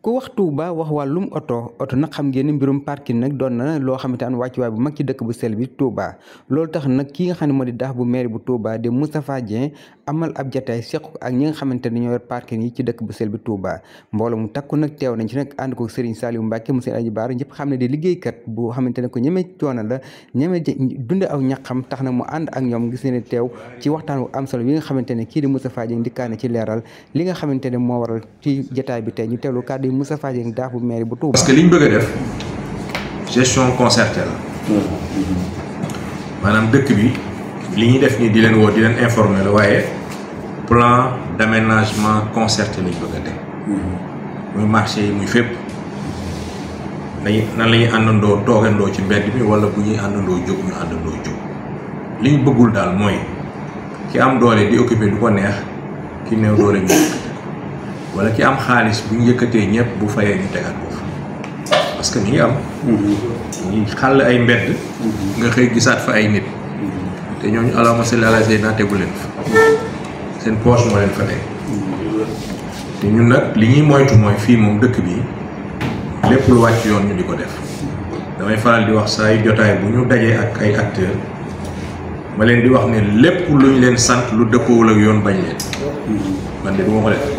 ko wax Touba wax wàllum oto oto nag xam ngeen mbirum parking nag doon na loo xamante an wàccuwaay bu mag ci dëkk bu sel bi Touba loolu tax nag ki nga xam ne moo bu maire bu Touba di Moustapha Dieng amal ab jataay seq ak ñi nga xamante ne parking yi ci dëkk bu sel bi Touba mbooloo mu takku nak teew nañ ci nag ànd ko Serigne Saliou Mbacke mu seen aji baara ñëpp xam ne di liggéeykat bu xamante ne ko ñemee coono la ñemee dund aw ñaqam tax na mu and ak ñoom gis ne teew ci waxtaan am solo yi nga xamante ki kii di Moustapha Dieng dikkaane ci leeral li nga xamante ne moo waral ci jataay bi tey ñu teewlu kàddu Serigne Moustapha Dieng daax bu maire bu Touba. parce que liñ bëgg def gestion concertée la. maanaam dëkk bi liñ def ni di leen wo di leen informer la waaye plan d'aménagement concerté liñ bëgg def. muy marché muy fépp. dañuy nan la ñuy toogandoo ci mbedd bi wala bu ñuy àndandoo jóg ñu àndandoo jóg li bëggul daal mooy ki am doole di occupé du ko neex ki néew doole ñu. wala ci am xaalis bu njëkkatee ñëpp bu fayee ñu tegaat foofu parce que mi ngi am. Mhm. ñu xàll ay mbedd. Mhm. nga xëy gisaat fa ay nit. Mhm. te ñooñu allahumma salli ala sayyidina tegu leen fa. seen poche moo leen fa nekk. te ñun nag li ñuy moytu mooy fii moom dëkk bi lépp lu wàcc yoon ñu di ko def. damay faral di wax saa ay jotaay bu ñu dajee ak ay acteur ma leen di wax ne lépp luñ leen sant lu dëppoowul ak yoon bañ leen. man de du ko def.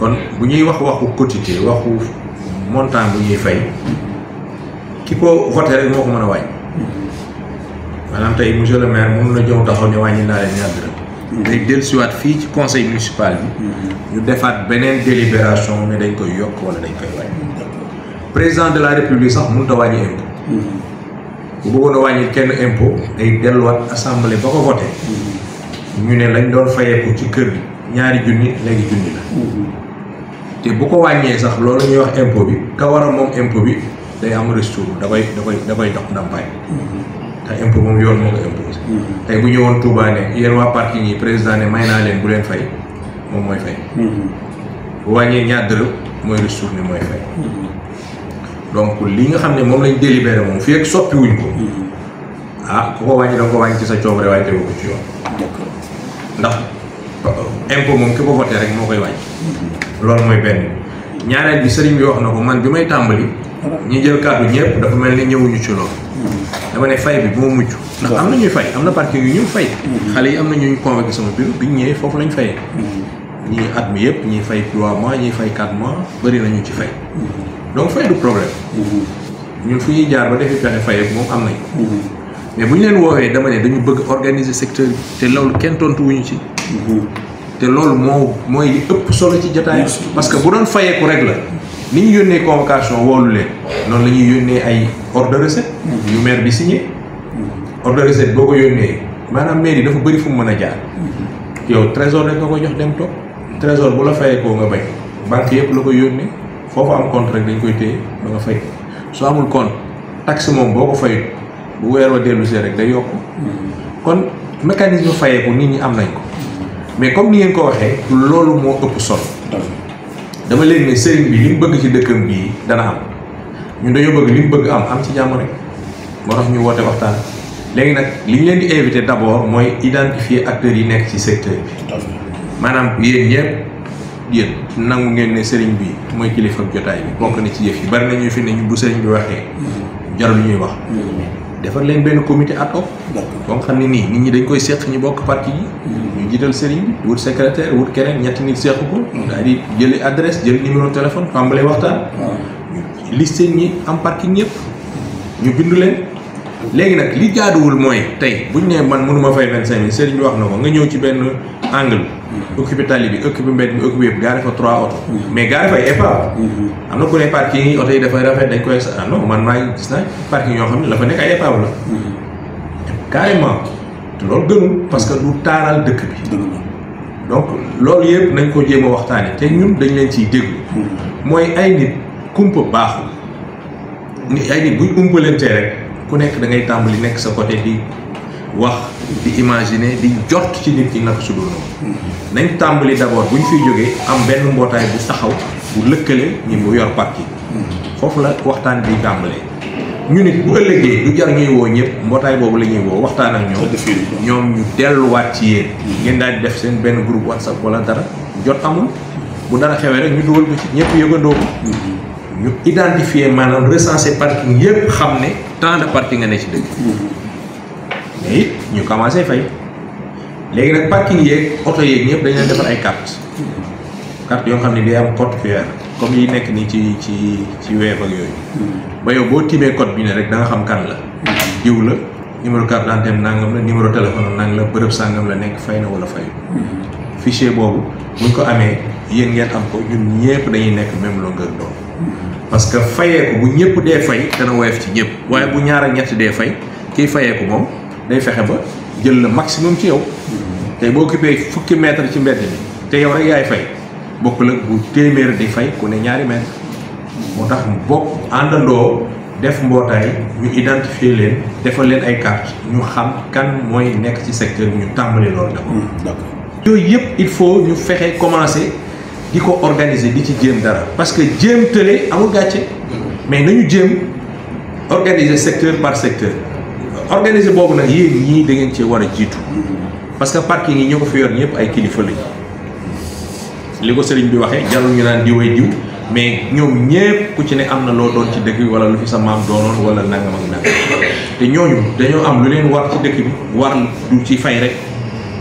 kon bu ñuy wax waxu quotité waxu montant bu ñuy fay ki ko voté rek moo ko mën a wàññi maanaam tey monsieur le maire mën na ñëw taxaw ne wàññi naa leen ñaar dërëm day dellusiwaat fii ci conseil municipal bi mm-hmm. ñu defaat beneen délibération ne dañ koy yokk wala dañ koy wàññi président de la république sax mënut a wàññi impôt bu mm-hmm. bëggoon a wàññi kenn impôt day delluwaat assemblée ba ko voté mm-hmm. ñu ne lañ doon fayeeku ci kër ñaari junni léegi junni la te bu ko wàññee sax loolu ñuy wax impôt bi ka war a moom impôt bi day am retour da koy da koy da koy dox mm-hmm. moom yoon moo ko imposé mm-hmm. tey bu ñëwoon Touba ne may naa bu leen fay moom mooy fay mm-hmm. wàññee ñaar dërëm mooy retour ne mooy fay nga xam ne moom lañ délibéré moom fii ak soppi wuñ ah, ku ko wàññi da ko wàññi ci sa coobare waaye tegu ko ndax euh, impôt moom ki ko voté rek moo koy wàññi loolu mooy benn ñaareel bi sëriñ bi wax na ko man bi may tàmbali ñi jël kàddu ñëpp dafa mel ni ñëwuñu ci loolu dama ne fay bi moo mucc ndax am na ñuy fay am na parking yu ñu fay xale yi am na ñu convoqué sama bureau bi ñëwee foofu lañ fayee ñii at yëpp ñii fay 3 mois ñii fay 4 mois bëri nañu ci fay donc fay du problème ñun fi ñuy jaar ba defi fexe fay moom am nañ mais bu ñu leen woowee dama ne dañu bëgg organise secteur bi te loolu kenn tontuwuñu wuñu ci te loolu moo mooy li ëpp solo ci jotaay parce que bu doon fayeeku rek la ni ñu yónnee convocation woolu leen noonu la ñuy yónnee ay ordre de recette mm-hmm. yu maire bi si mm-hmm. ordre de boo ko yónnee maanaam yi dafa bëri fu mu mën a jaar mm-hmm. yow trésor rek nga ko jox dem toog bu la fayeekoo nga bañ banque yëpp la ko yónnee foofu am compte rek dañ koy téye ba nga fay soo amul compte taxe moom boo ko fayut bu weer wa dellu see rek day yokk kon mécanisme fayeeku nit ñi am nañ ko mais comme ni ngeen ko waxee loolu moo ëpp solo dama leen ne sëriñ bi li bëgg ci dëkkam bii dana am ñun dañoo bëgg li mu bëgg am am ci jàmm rek moo tax ñu woote waxtaan léegi nag li ñu leen di invité d'abord mooy identifier acteurs yi nekk ci secteur bi maanaam yéen ñëpp yéen nangu ngeen ne sëriñ bi mooy kilifa jotaay bi bokk na ci yëf yi bari nañu fi ne ñu bu sëriñ bi waxee jarul ñuy wax defar leen benn comité ad hoc boo xam ne nii nit ñi dañ koy seq bokk parti yi jiital sëriñ bi wut secrétaire wut keneen ñetti nit seexu ko. Hmm. daal di jëli adresse jël numéro téléphone tàmbale waxtaan. waaw hmm. liste ñi am parking ñëpp ñu bindu leen. léegi nag li jaaduwul mooy tey bu ñu nee man mënuma fay vingt cinq mille bi wax na ko nga ñëw ci benn angle. Hmm. occupé tali bi occupé bi mi bi yëpp gaare fa trois oto. mais gaare fa épave. Ah. am na ku ne parking yi oto yi dafay rafet dañ koy sa ah man maa ngi gis naa parking yoo xam ne la fa nekk ay épave la. carrément. te loolu gënul parce que du taaral dëkk bi donc loolu yëpp nañ ko jéem a waxtaane te ñun dañ leen ciy déglu hmm. mooy ay nit kumpa baaxul ni ay nit buñ umpalantee rek ku nekk da ngay tàmbali nekk sa côté di wax di imaginer di jot ci nit ñi naka su dul noonu hmm. nañ tàmbali d'abord buñ fiy jógee am benn mbootaay bu taxaw bu lëkkale ñi mu yor yi hmm. foofu la waxtaan bi tàmbalee ñu nit bu ëllëgee du jar ñuy woo ñëpp mbootaay boobu la ñuy woo waxtaan ak ñoom ñoom ñu delluwaat ci yéen ngeen daal di def seen benn groupe whatsapp wala dara jot amul bu dara xewee rek ñu dugal ko ci ñëpp yëgandoo ko mm-hmm. ñu identifier maanaam recenser parking yëpp xam ne tant de parking nga ne ci dëgg mm-hmm. mais it ñu commencé fay léegi nag parking yeeg oto yeeg ñëpp dañ leen defar ay carte mm-hmm. carte yoo xam ne day am code QR comme yi nekk nii ci ci ci weef ak yooyu hmm. ba yow boo tiimee code bi ne rek da nga xam kan la hmm. diw la numéro carte d'identité nangam la numéro téléphone nangam la bërëb sangam la nekk fay na wala fayu hmm. fichier boobu buñ ko amee yéen ngeen am ko ñun ñëpp dañuy nekk même longueur d'onde parce que fayee ko bu ñëpp dee fay dana woyof ci ñëpp waaye bu ñaar ak ñett dee fay kii fayee ko moom day fexe ba jël le maximum ci yow tey boo occupé fukki mètre ci mbedd bi te yow rek yaay fay bokkul ak bu téeméer di fay ku ne ñaari mètre moo tax bokk àndandoo def mbootaay ñu identifier leen defal leen ay carte ñu xam kan mooy nekk ci secteur bi ñu tàmbali loolu d'abord hmm, yooyu yëpp il faut ñu fexe commencer di ko organiser di ci jéem dara parce que jéem tële amul gàcce mais nañu jéem organiser secteur par secteur organiser boobu nag yéen ñii da ngeen cee war a jiitu hmm. parce que parking yi ñu ko fi yor ñëpp ay kilifa lañu li ko sëriñ bi waxee jarul ñu naan diw ay diw mais ñoom ñépp ku ci ne am na loo doon ci dëkk bi wala lu fi sa maam doonoon wala nangam ak nangam te ñooñu dañoo am lu leen war ci dëkk bi war du ci fay rek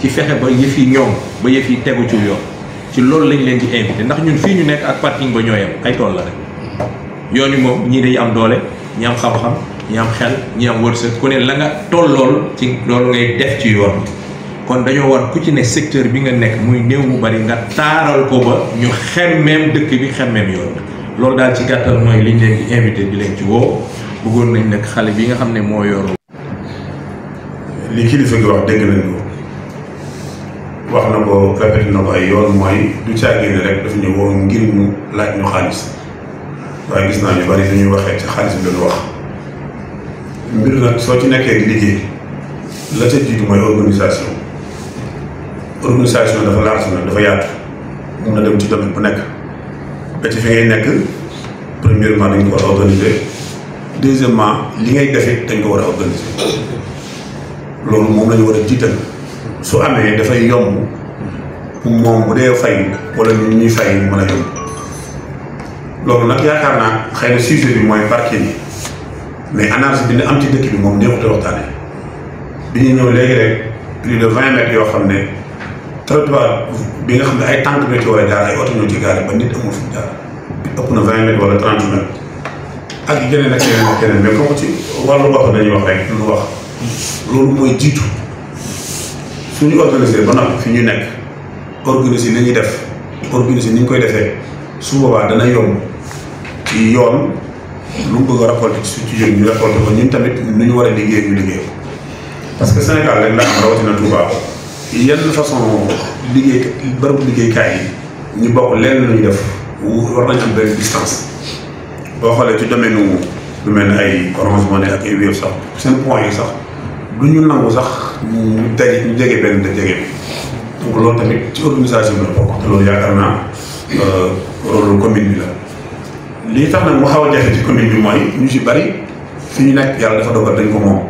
ci fexe ba yëf yi ñoom ba yëf yi tegu ci yoon ci loolu lañ leen di invité ndax ñun fii ñu nekk ak parking ba ñooyam ay tool la rek yoon yi moom ñii dañu am doole ñi am xam-xam ñi am xel ñi am wërsëg ku ne la nga toll lool ci loolu ngay def ci yoon kon dañoo war ku ci ne secteur bi nga nekk muy néew mu bari nga taaral ko ba ñu xemmeem dëkk bi xemmeem yoon loolu daal ci gàttal mooy liñ invité bi leen ci woo bëggoon nañ nekk xale bi nga xam ne moo yor. li kilifa gi wax dégg nañ ko wax na ko répété na ko ay yoon mooy du caagin rek daf ñu woo ngir ñu laaj ñu xaalis waaye gis naa ñu bari dañuy waxee ci xaalis bi doon wax mbir nag soo ci nekkee di liggéey la ca jiitu mooy organisation. organisation dafa large na dafa yaatu mun na dem ci domaine bu nekk ba fi ngay nekk premièrement dañ ko war a li ngay defit dañ ko war a organiser loolu moom la war a jiital su amee dafay yomb moom bu dee fay wala ñun ñuy fay mën a yomb loolu nag yaakaar naa xëy na sujet bi mooy parking yi mais analyse bi na am ci dëkk bi moom neexute waxtaane bi ñu ñëw léegi rek plus de vingt mètres yoo xam ne trottoir bi nga xam ne ay tànk ñoo ci war ay oto ñoo ci gaare ba nit ëpp na vingt mètres wala trente ak yi geneen ak yeneen ak yeneen ci wàllu gox dañuy wax rek lu mooy jiitu suñu organiser ba nag fi ñu nekk organiser li ñuy def organiser ni ñu koy defee su boobaa dana yomb ci yoon lu mu bëgg a récolter ci ci jeunes ñu récolter ko ñun tamit nu ñu war a liggéey ñu liggéey parce que Sénégal rek la am rawatina Touba yenn façon liggéey bërëbu liggéeykaay yi ñu bokk lenn lu ñu def war nañu am benn distance boo xoolee ci domaine lu mel ne ay Orange Money seen point yi sax du ñu nangu sax ñu daje ñu jege benn ci organisation bi la bokk loolu yaakaar naa euh, rôle commune bi la lii tax nag mu xaw a jafe ci commune bi mooy ñu ci bari fi nekk yàlla dafa dogal dañ ko moom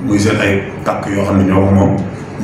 muy seen ay tàkk yoo xam ne ñoo moom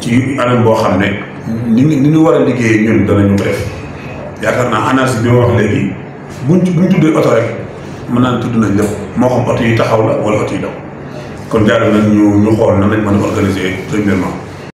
ci anam boo xam ne ni ni ñu war a liggéeyee ñun danañu ko def yaakaar naa anaas bi ma wax léegi buñ buñ tuddee oto rek mën naa tudd nañ lépp moo xam oto yi taxaw la wala oto yi daw kon jaadu nañ ñu ñu xool nan lañ mën a organiser premièrement